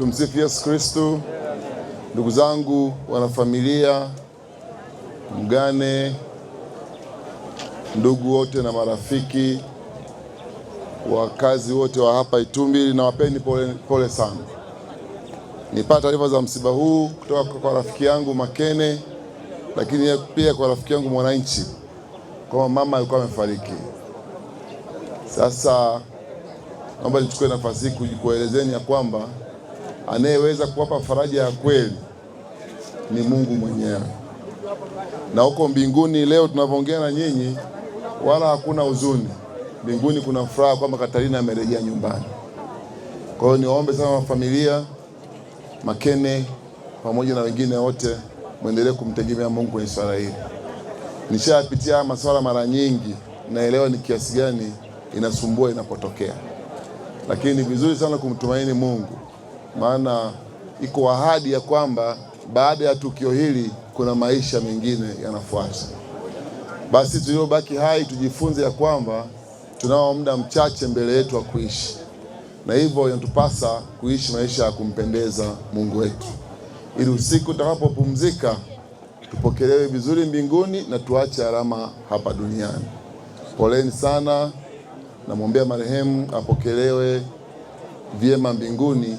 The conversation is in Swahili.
Tumsifu Yesu Kristu. Ndugu zangu wanafamilia, mgane, ndugu wote na marafiki, wakazi wote wa hapa Itumbi, nawapeni pole, pole sana. Nipata taarifa za msiba huu kutoka kwa rafiki yangu Makene, lakini pia kwa rafiki yangu mwananchi kwamba mama alikuwa amefariki. Sasa naomba nichukue nafasi hii kuelezeni ya kwamba Anayeweza kuwapa faraja ya kweli ni Mungu mwenyewe, na huko mbinguni leo tunavyoongea na nyinyi, wala hakuna huzuni mbinguni. Kuna furaha kwamba Katarina amerejea nyumbani. Kwa hiyo niwaombe sana wafamilia Makene pamoja na wengine wote mwendelee kumtegemea Mungu kwenye swala hili. Nishayapitia haya maswala mara nyingi, naelewa ni kiasi gani inasumbua inapotokea, lakini ni vizuri sana kumtumaini Mungu maana iko ahadi ya kwamba baada ya tukio hili kuna maisha mengine yanafuata. Basi tuliobaki hai tujifunze ya kwamba tunao muda mchache mbele yetu wa kuishi, na hivyo inatupasa kuishi maisha ya kumpendeza Mungu wetu, ili usiku utakapopumzika tupokelewe vizuri mbinguni na tuache alama hapa duniani. Poleni sana, namwombea marehemu apokelewe vyema mbinguni